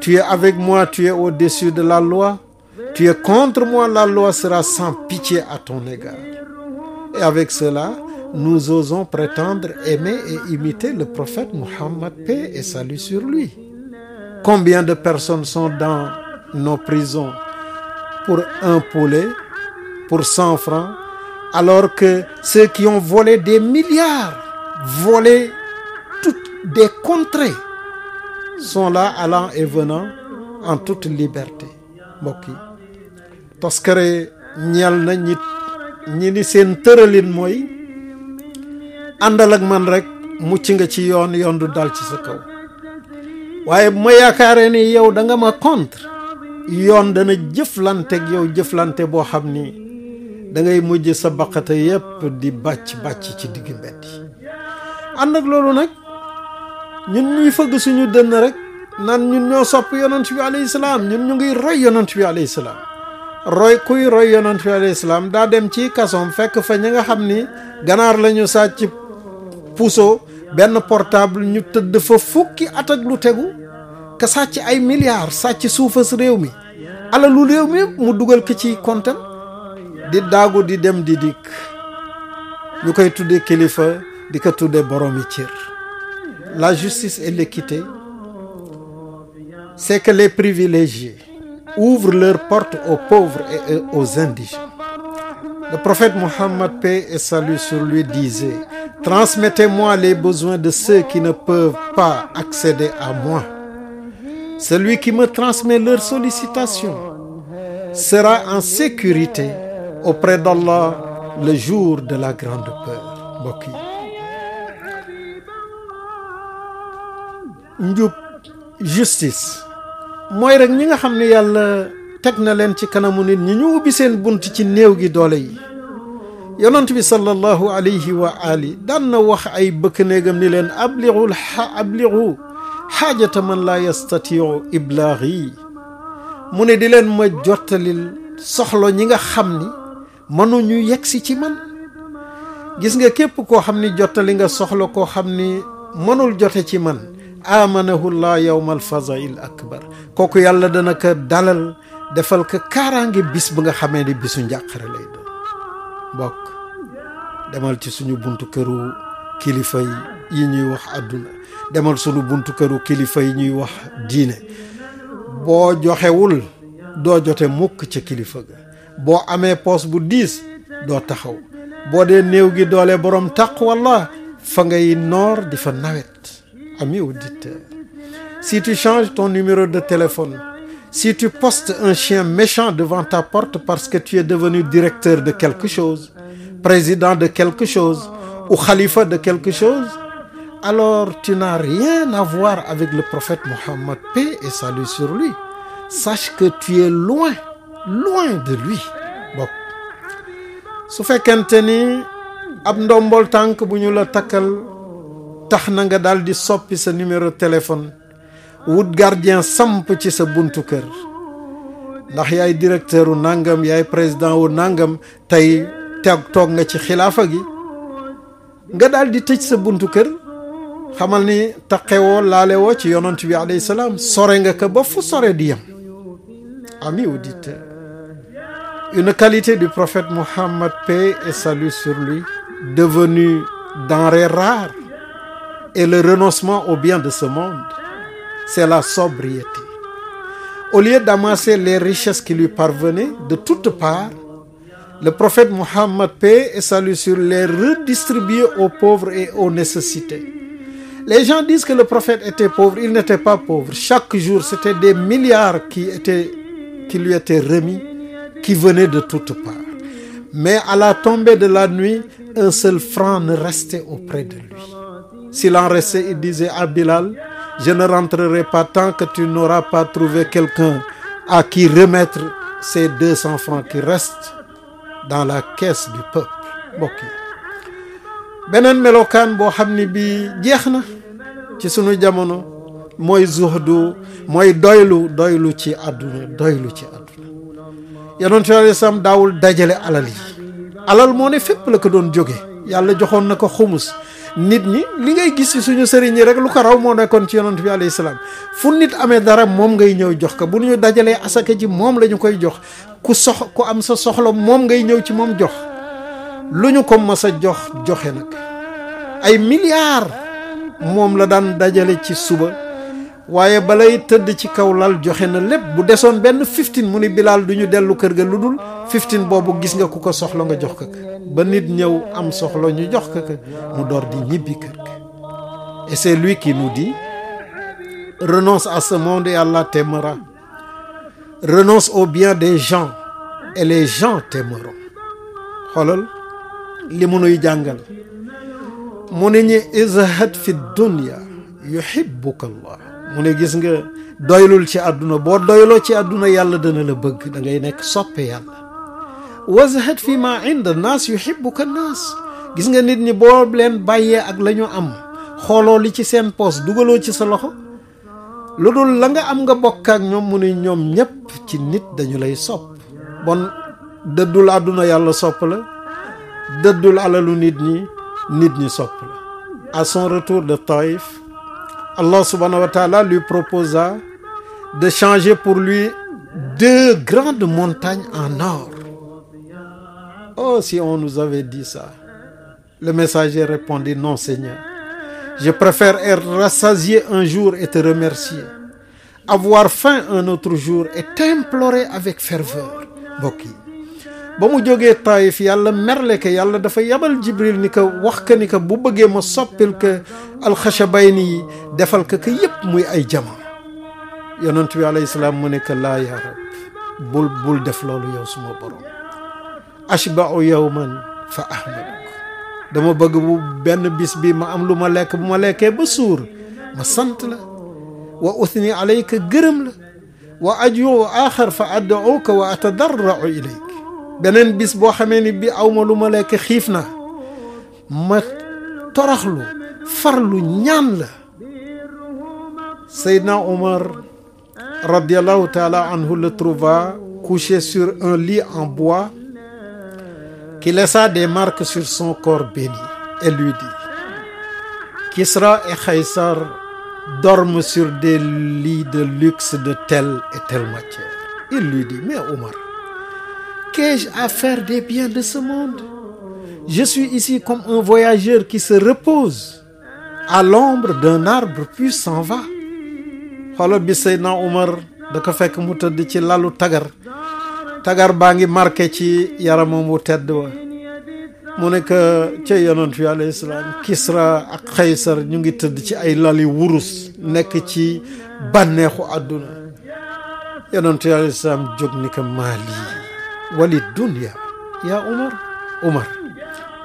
Speaker 1: tu es avec moi tu es au-dessus de la loi tu es contre moi la loi sera sans pitié à ton égard et avec cela nous osons prétendre aimer et imiter le prophète Mohammed paix et salut sur lui combien de personnes sont dans nos prisons pour un poulet, pour 100 francs, alors que ceux qui ont volé des milliards, volé toutes des contrées, sont là allant et venant en toute liberté mbokk yi toskare ñeel na ñi ñi ni seen tëralin mooy àndal ak man rek mucc nga ci yoon yoon du dal ci sa kaw waaye ma yaakaaree yow da ma contre yoon dana jëflanteeg yow jëflante boo xam ni dangay mujj sa baqate yépp di bàcc-bàcc ci digg mbedd ànd ak loolu nag ñun ñuy fëgg suñu dënn rek naan ñun ñoo sopp yonent bi alayhi salaam ñun ñu ngi roy yonent bi alayhi salaam roy kuy roy yonent bi alayhi salaam daa dem ci kasoom fekk fa ñi nga xam ni ganaar lañu sàcc puso benn portable ñu tëdd fa fukki at ak lu tegu ka sàcc ay milliards sàcc suufas réew mi alalu réew mu dugal ko ci kontam di daagu di dem di dikk ñu koy tudde kilifa di ko tudde boroomi cër la justice et l'équité c'est que les privilégiés ouvrent leur portes aux pauvres et euh, aux indigents le prophète Mohammed paix et salut sur lui disait transmettez-moi les besoins de ceux qui ne peuvent pas accéder à moi Celui qui me transmet leurs sollicitations sera en sécurité auprès d'Allah le jour de la grande peur mbokk njub justice mooy rek ñi nga xam ne yàlla teg na leen ci kanamu nit ñi ñu ubbi seen bunt ci néew gi doole yi yonent bi sallallahu alayhi wa ali daan na wax ay bëkk néegam ni leen ablighul ablighuu xaajata man laa yastatiu iblaaxi mu ne di leen ma jottalil soxla ñi nga xam ni mënuñu yegsi ci man gis nga képp koo xam ni jottali nga soxla koo xam ni mënul jote ci man amanahu llah yowma alfazail akbar kooku yàlla dana ko dalal defal ko kaaraange bis bu nga xamee ni bisu njàqare lay doon bokk demal ci suñu buntu këru kilifa yi ñuy wax àdduna demal sunu buntu këru kilifa yi ñuy wax diine boo joxewul doo jote mukk ca kilifa ga boo amee poos bu diis doo taxaw boo dee néew gi doole borom walla fa ngay noor di fa nawet ami auditeur si tu changes ton numéro de téléphone si tu postes un chien méchant devant ta porte parce que tu es devenu directeur de quelque chose président de quelque chose ou xalifa de quelque chose alors tu n'as rien à voir avec le prophète Mohammed, paix et salut sur lui. Sache que tu es loin, loin de lui bokk su fekkente ni ab ndombol tànk bu ñu la takkal tax na nga daal di soppi sa numéro téléphone wut gardien samp ci sa buntu kër ndax yaay directeur wu nangam yaay président wu nangam tey teg toog nga ci xilaafa gi nga daal di tëj sa buntu kër xamal ni taqewoo laalewoo ci yonant bi alayhi salaam sore nga ko ba fu sore di yam une qualité du prophète Mohammed paix et salut sur lui devenue denrée rare et le renoncement au bien de ce monde c'est la sobriété au lieu d'amasser les richesses qui lui parvenaient de toutes parts le prophète Mohammed paix et salut sur lui les redistribuait aux pauvres et aux nécessités Les gens disent que le prophète était pauvre, il n'était pas pauvre. Chaque jour, c'était des milliards qui étaient, qui lui étaient remis, qui venaient de toutes parts. Mais à la tombée de la nuit, un seul franc ne restait auprès de lui. S'il en restait, il disait à Bilal, je ne rentrerai pas tant que tu n'auras pas trouvé quelqu'un à qui remettre ces 200 francs qui restent dans la caisse du peuple. beneen melokaan boo xam ni bii jeex na ci sunu jamono mooy du mooy doylu doylu ci àdduna doylu ci àdduna yonentu Yàlla sam daawul dajale alal yi alal moo ne fépp la ko doon jóge yàlla joxoon na ko xumus nit ñi li ngay gis ci suñu sëriñ yi rek lu ko raw moo nekkoon ci yonent bi alayhi salaam fu nit amee dara moom ngay ñëw jox ko bu ñu dajalee asaka ji moom la ñu koy jox ku sox ku am sa soxla moom ngay ñëw ci moom jox lu ñu ko mës a jox joxe nag ay milliards moom la daan dajale ci suba waaye balay tëdd ci kaw lal joxe na lépp bu desoon benn 15 mu ni bilaal du ñu dellu kër ga lu dul boobu gis nga ku ko soxla nga jox ko ba nit ñëw am soxla ñu jox ko mu door di ñibbi kër ga et c'est lui qui nous renonce à ce monde et Allah t'aimera renonce au bien des gens et les gens t'aimeront li mu nuy jàngal mu ne ñu izhad fi dunya yuhibbuka allah mu ne gis nga doylul ci àdduna boo doyloo ci àdduna yàlla dëna la bëgg dangay nekk soppe yàlla wazhad fi ma inda naas yuhibbuka naas gis nga nit ñi boo leen bàyyee ak la am xooloo li ci seen poos dugaloo ci sa loxo lu dul la nga am nga bokk ak ñoom mu ne ñoom ñépp ci nit dañu lay sopp bon dëddul àdduna yàlla sopp la dëddul alalu nit ñi nit ñi sopp à son retour de Taïf Allah subhanahu wa lui proposa de changer pour lui deux grandes montagnes en or. Oh, si on nous avait dit ça. Le messager répondit, non, Seigneur. Je préfère être rassasié un jour et te remercier. Avoir faim un autre jour et t'implorer avec ferveur. Mbokk yi ba mu jógee taayif yàlla merle ke yàlla dafa yabal jibril ni ko wax ka ni ko bu bëggee ma soppil ka alxashabayni yi defal ka ka yépp muy ay jama yonent bi alayhi salaam mu ne ko laa yaa rab bul bul def loolu yow suma borom ashba'u yawman fa ahmaduk dama bëgg bu benn bis bi ma am lu ma lekk bu ma lekkee ba suur ma sant la wa uthni alayka gërëm la wa ajuu axar fa ad'uka wa atadarra'u ilayk beneen bis boo xamee ni bi awma lu ma lekk xiif na ma toraxlu farlu ñaan la Seydina Omar radiallahu taala anhu le trouva couché sur un lit en bois qui laissa des marques sur son corps béni et lui dit Kisra et Khaïsar dorment sur des lits de luxe de telle et telle matière il lui dit mais Omar Qu'ai-je à faire des biens de ce monde? Je comme un voyageur qui se repose à l'ombre d'un arbre puis s'en va. xoolal bi Seydina Omar da ko fekk mu tëdd ci lalu tagar tagar baa ngi marqué ci yaramam wu tedd wa mu nekk ca yonent bi alayhi salaam Kisra ak Xaysar ñu ngi tëdd ci ay lali wurus nekk ci bànneexu àdduna yonent bi alayhi salaam jóg ni ko maali walit dunya yaa Umar Umar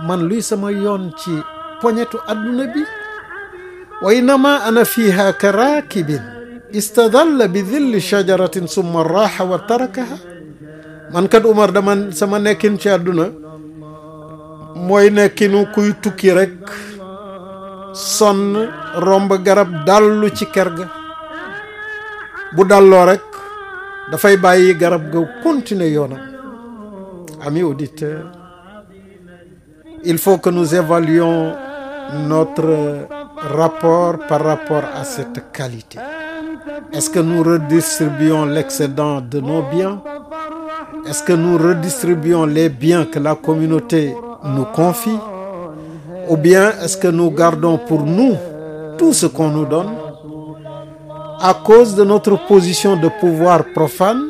Speaker 1: man luy sama yoon ci poñetu adduna bi na innama ana fiiha ka raakibin istadalla bi dilli shajaratin summa raaxa wa tarakaha man Umar dama sama nekkin ci àdduna mooy nekkinu kuy tukki rek sonn romb garab dallu ci kër ga bu dalloo rekk dafay bàyyi garab ga continuer yoona Amis auditeurs, il faut que nous évaluions notre rapport par rapport à cette qualité. Est-ce que nous redistribuons l'excédent de nos biens? Est-ce que nous redistribuons les biens que la communauté nous confie? Ou bien est-ce que nous gardons pour nous tout ce qu'on nous donne? À cause de notre position de pouvoir profane,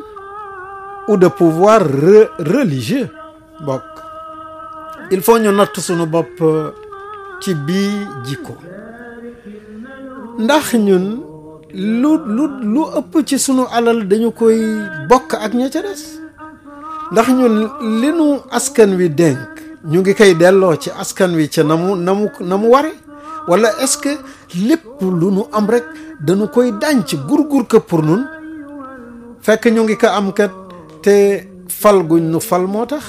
Speaker 1: ou de pouvoir re religieux bokk il faut ñu natt sunu bopp euh, ci bii ji ko ndax ñun lu lu ëpp ci sunu alal dañu koy bokk ak ña ca des ndax ñun li nu askan wi dénk ñu ngi koy delloo ci askan wi ca na mu na mu na mu ware wala est-ce que lépp lu nu am rek dañu koy dànc gurgur ka pour nun fekk ñu ngi ko am kat te fal guñ nu fal moo tax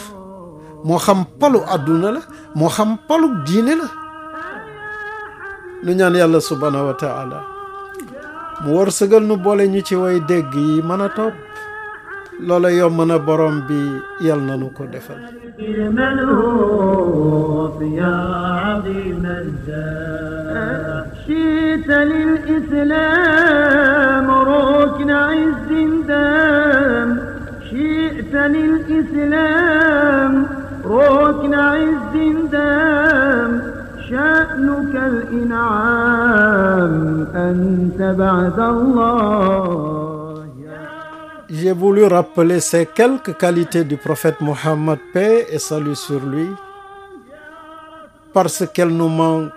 Speaker 1: moo xam palu àdduna la moo xam palu diine la nu ñaan yàlla subhaanahu wa taala mu wërsëgal nu boole ñu ci way dégg yi mën a topp loola yomb na borom bi yal na nu ko defal للإسلام ركن عز دام شأنك الإنعام أنت بعد الله J'ai voulu rappeler ces quelques qualités du prophète Mohammed, paix et salut sur lui, parce qu'elles nous manquent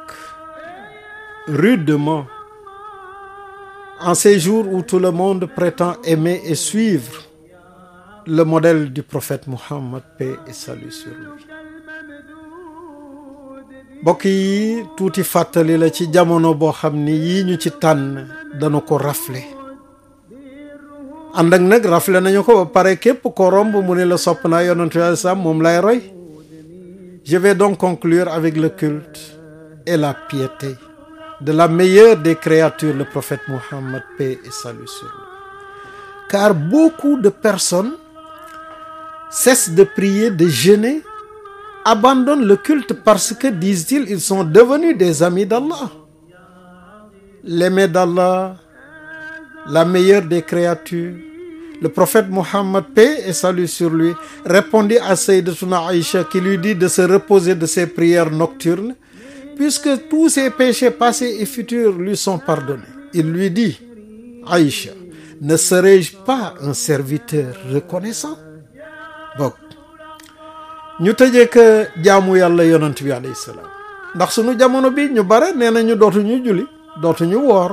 Speaker 1: rudement en ces jours où tout le monde prétend aimer et suivre le modèle du prophète Muhammad paix et salut mbokk yi tuuti fàttali la ci jamono boo xam ni yii ñu ci tànn dana ko rafle ànd ak nag rafle nañu ko ba pare képp ko romb mu ne la sopp naa yonentu Yàlla sam moom lay roy je vais donc conclure avec le culte et la piété de la meilleure des créatures le prophète Muhammad paix et salut sur lui de personnes cessent de prier, de jeûner, abandonnent le culte parce que, disent-ils, ils sont devenus des amis d'Allah. L'aimer d'Allah, la meilleure des créatures, le prophète Mohammed, paix et salut sur lui, répondit à Sayyidatuna Aïcha qui lui dit de se reposer de ses prières nocturnes, puisque tous ses péchés passés et futurs lui sont pardonnés. Il lui dit, Aïcha, ne serais-je pas un serviteur reconnaissant? boog ñu tëjeek jaamu yàlla yonent bi alayhi salaam ndax sunu jamono bi ñu bare nee nañu dootuñu julli dootuñu woor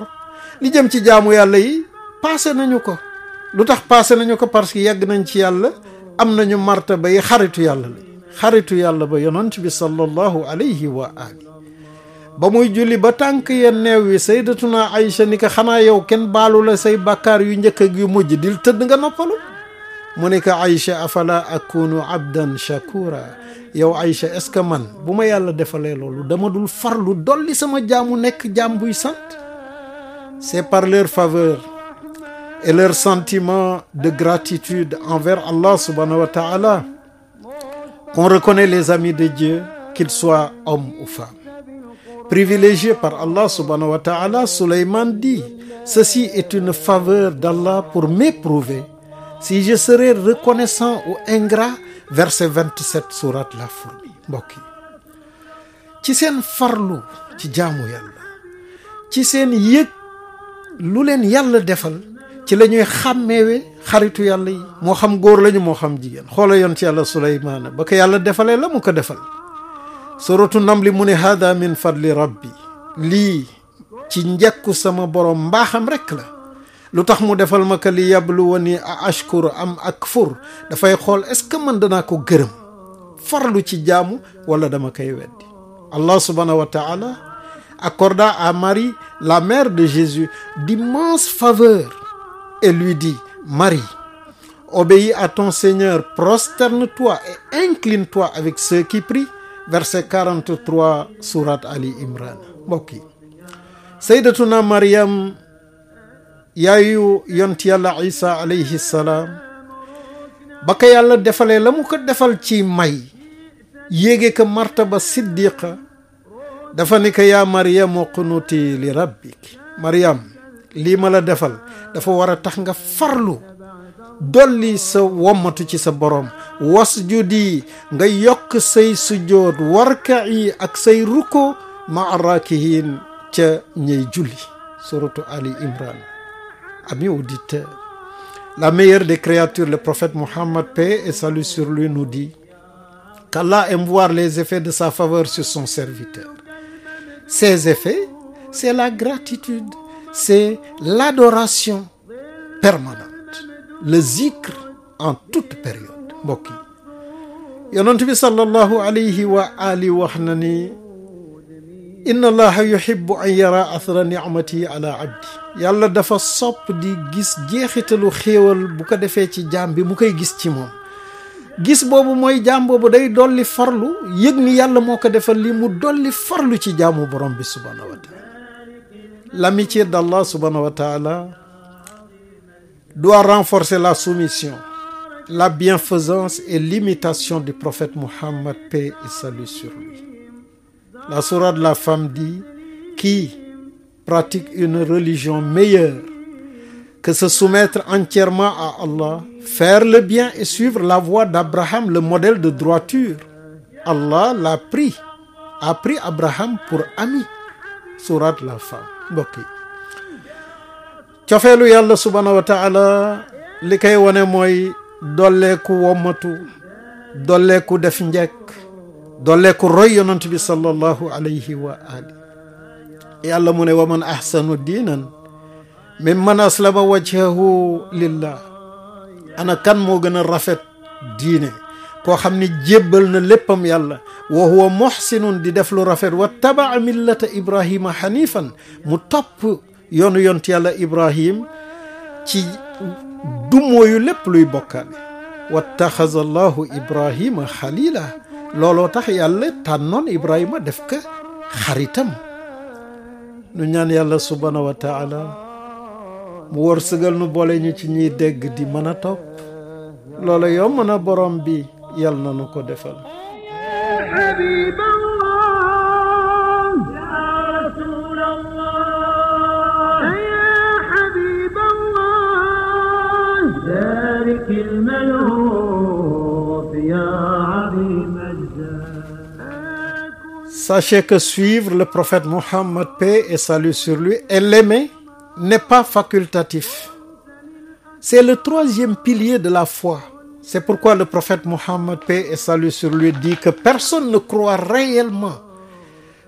Speaker 1: li jëm ci jaamu yàlla yi paase nañu ko lu tax paase nañu ko parce que yàgg nañ ci yàlla am nañu martaba yi xaritu yàlla la xaritu yàlla ba yonent bi sallallahu alayhi wa ali ba muy julli ba tànk ya neew yi saydatuna Aïcha ni ko xanaa yow kenn baalu la say bàkkaar yu njëkk ak yu mujj dil tëdd nga noppalu mu ne ko Aïcha afala akunu abdan shakura yow Aïcha est ce que man bu ma yàlla defalee loolu dama dul farlu dolli sama jaamu nekk jaam buy sant c'est par leur faveur et leur sentiment de gratitude envers Allah subhanahu wa ta'ala qu'on les amis de Dieu qu'ils soient hommes ou femmes privilégiés par Allah subhanahu wa ta'ala Souleymane dit ceci est une faveur d'Allah pour m'éprouver si je serais reconnaissant ou ingrat verset 27 la fourmi mbokk ci seen farlu ci jaamu yàlla ci seen yëg lu leen yàlla defal ci la ñuy xàmmeewe xaritu yàlla yi moo xam góor lañu moo xam jigéen xoola yoon ci yàlla suleymaana ba ko yàlla defalee la mu ko defal suratu li mu ne hada min fadli rabbi lii ci njekku sama borom mbaaxam rekk la lu tax mu defal ma ka li yabluwani a ashkur am ak akfur dafay xool est-ce que man danaa ko gërëm farlu ci jaamu wala dama koy weddi allah subhanahu wa taala accorda à Marie la mère de Jésus d'immenses faveurs et lui dit Marie obéis à ton Seigneur prosterne-toi et incline-toi avec ceux qui prient verset 43 Ali Imran mbokk yi sayyidatuna Mariam yaayu yont yàlla isa alayhi ba ko yàlla defalee la mu ko defal ci may yéege ko martaba siddiqa dafa ne ko yaa maryamu qunuti li rabbik maryam lii ma la defal dafa war a tax nga farlu dolli sa wommatu ci sa borom wasjudi nga yokk say sujjoot warka'i ak say ruko ma araakihin ca ñey julli suratu amis auditeurs, la meilleure des créatures, le prophète Mohammed, paix et salut sur lui, nous qu'Allah aime les effets de sa faveur sur son serviteur. Ces effets, c'est la gratitude, c'est l'adoration permanente, le zikr en toute période mbokk yi yonent bi sallallahu alayhi wa ali wax na ni inna allaha yuhibbu an yara athra ni'mati ala abdi yàlla dafa sopp di gis jeexitalu xéewal bu ko defee ci jaam bi mu koy gis ci moom gis boobu mooy jaam boobu day dolli farlu yëg ni yàlla moo ko defal li mu dolli farlu ci jaamu borom bi subhaanahu wa taala l'amitié d'Allah subhaanahu wa taala doit la soumission la bienfaisance et l'imitation di profet Muhammad paix et salut la sourate la femme dit qui pratique une religion meilleure que se soumettre entièrement à Allah, faire le bien et suivre la voie d'Abraham, le modèle de droiture. Allah l'a pris, a pris Abraham pour ami. Sourate la femme mbokk yi cofeelu yàlla subhaanahu wa taala li koy wone mooy dolleeku wommatu dolleeku def njekk dolleeku roy yonant bi sallallahu alayhi wa ali yàlla mu ne wa man ahsanu diinan mimman aslama wajhahu lillah ana kan moo gën a rafet diine koo xam ni jébbal na léppam yàlla wa huwa muhsinun di def lu rafet wa tabaa millata ibrahima hanifan mu topp yoonu yont yàlla ibrahim ci dummóoyu lépp luy bokkaale wattaxaza allahu ibrahima xalila looloo tax yàlla tànnoon ibrahima def ka xaritam nu ñaan yàlla subhaana wa taala mu wërsëgal nu boole ñu ci ñiy dégg di mën a topp loola yomb na borom bi yal na nu ko defal ذلك الملعون Sachez que suivre le prophète Mohammed, paix et salut sur lui, et l'aimer n'est pas facultatif. C'est le troisième pilier de la foi. C'est pourquoi le prophète Mohammed, paix et salut sur lui, dit que personne ne croit réellement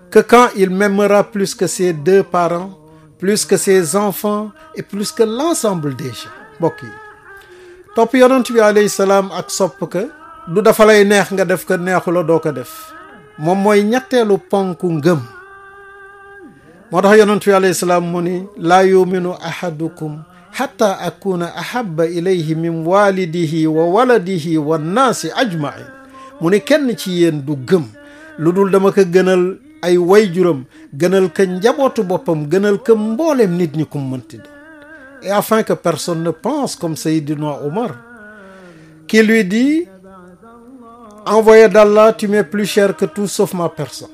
Speaker 1: que quand il m'aimera plus que ses deux parents, plus que ses enfants et plus que l'ensemble des gens mbokk yi topp yonent ak sopp du dafa neex nga def ko neexu doo ko def moom mooy ñetteelu ponku ngëm moo tax yonentu bi salaam mu ni laa yuminu ahadukum xata akuna ahaba ilayhi min waalidihi wa waladihi wa naasi ajmain mu ni kenn ci yéen du gëm lu dul dama ko gënal ay wayjuram gënal ko njabootu boppam gënal ko mbooleem nit ñi kum mënti doon afin que personne ne pense comme Seydina Omar qui lui dit envoyé d'Allah tu m'es plus cher que tout sauf ma personne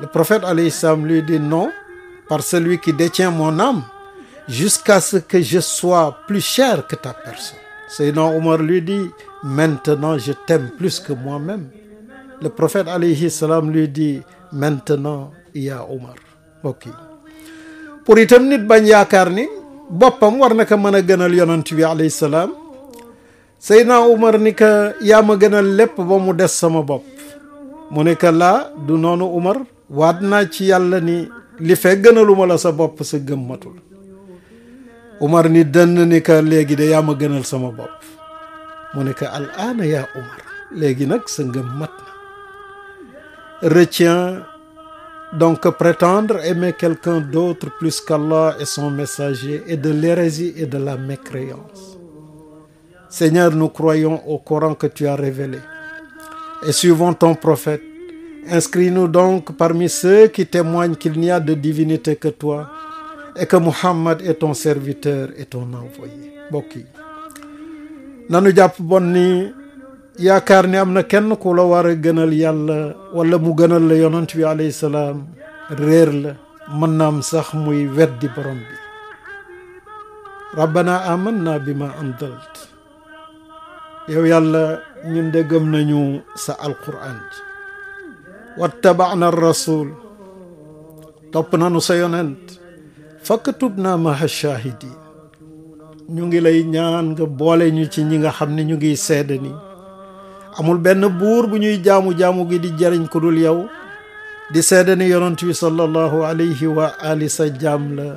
Speaker 1: le prophète alayhi salam lui dit non par celui qui détient mon âme jusqu'à ce que je sois plus cher que ta personne Seydina Omar lui dit maintenant je t'aime plus que moi-même le prophète alayhi salam lui dit maintenant ya Omar ok pour itam nit bañ yaakaar ni boppam war na ko mën a gënal yonent bi alayhi salaam Seydina Umar ni ka yaa a gënal lépp ba mu des sama bopp mu ne ka laa du noonu Umar waat naa ci yàlla ni li fekk gënaluma la sa bopp sa gëm matul Umar ni dënn ni ka léegi de yaam a gënal sama bopp mu ne ka al aana yaa Umar léegi nag sa ngëm mat na retiens donc prétendre aimer quelqu'un d'autre plus qu'Allah et son messager est de l'hérésie et de la mécréance Seigneur, nous croyons au Coran que tu as révélé et suivons ton prophète. Inscris-nous donc parmi ceux qui témoignent qu'il n'y a de divinité que toi et que Muhammad est ton serviteur et ton envoyé mbokk nanu jàpp bon yaakaar ni am na kenn ku la war a gënal yàlla wala mu gënal la yonent bi alayhi salaam réer la mën na sax muy weddi borom bi rabbana amanna bima anzalt yow yàlla ñun de gëm nañu sa alquran ji wattabana rasul topp nanu sa yonent fakkatub naa maha shahidin ñu ngi lay ñaan nga boole ñu ci ñi nga xam ni ñu ngiy seede amul benn buur bu ñuy jaamu-jaamu gi di jariñ ku dul yow di seede ni yonent bi sallallahu alayhi sa jaam la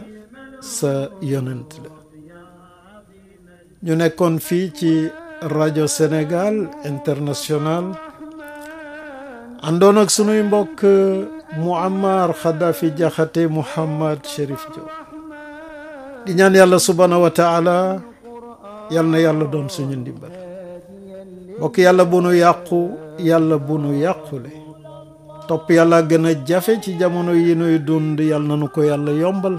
Speaker 1: sa yonent la ñu nekkoon fii ci rajo Sénégal international àndoon ak sunuy mbokk Muammar Khadafi Jaxate Mouhammad Cherif Diop di ñaan yàlla subhaanahu wa taala yal na yàlla doon suñu ndimbal mbokk yàlla bu nu yàqu yàlla bu nu yàqule topp yàlla gën a jafe ci jamono yi nuy dund yal na nu ko yàlla yombal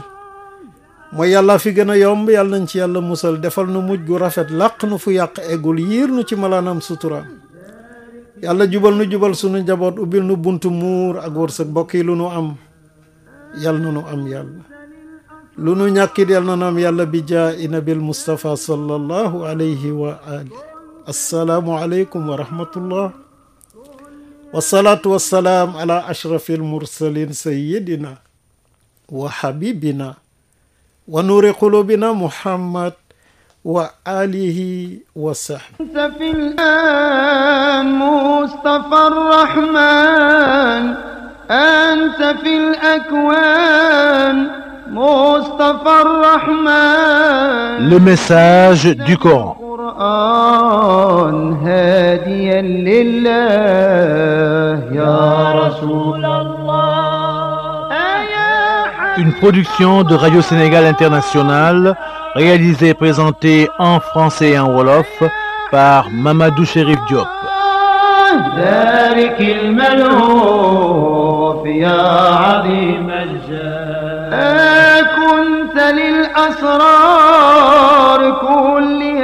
Speaker 1: mooy yàlla fi gën a yomb yàlla nañ ci yàlla musal defal nu mujj gu rafet làq nu fu yàq eggul yiir nu ci malaanam sutura yàlla jubal nu jubal sunu njaboot ubbil nu buntu muur ak wërsëg mbokk lu nu am yàlla na nu am yàlla lu nu ñàkkit yàlla na yàlla bi jaa i nabil mustafa sallallahu alayhi wa ali assalaamu aleykum wa rahmatullah wasalaatu wasalaam ala ashrafi almursalin sayidina wa habibina wa nuuri qulubina muhammad wa alihi wa sahbi fi mustafa rahman anta fi akwan mustafa rahman le message du Coran hadiyan lillah ya rasul allah une production de Radio Sénégal International, réalisée et présentée en français et en wolof par Mamadou Chérif Diop. كنت للأسرار كلها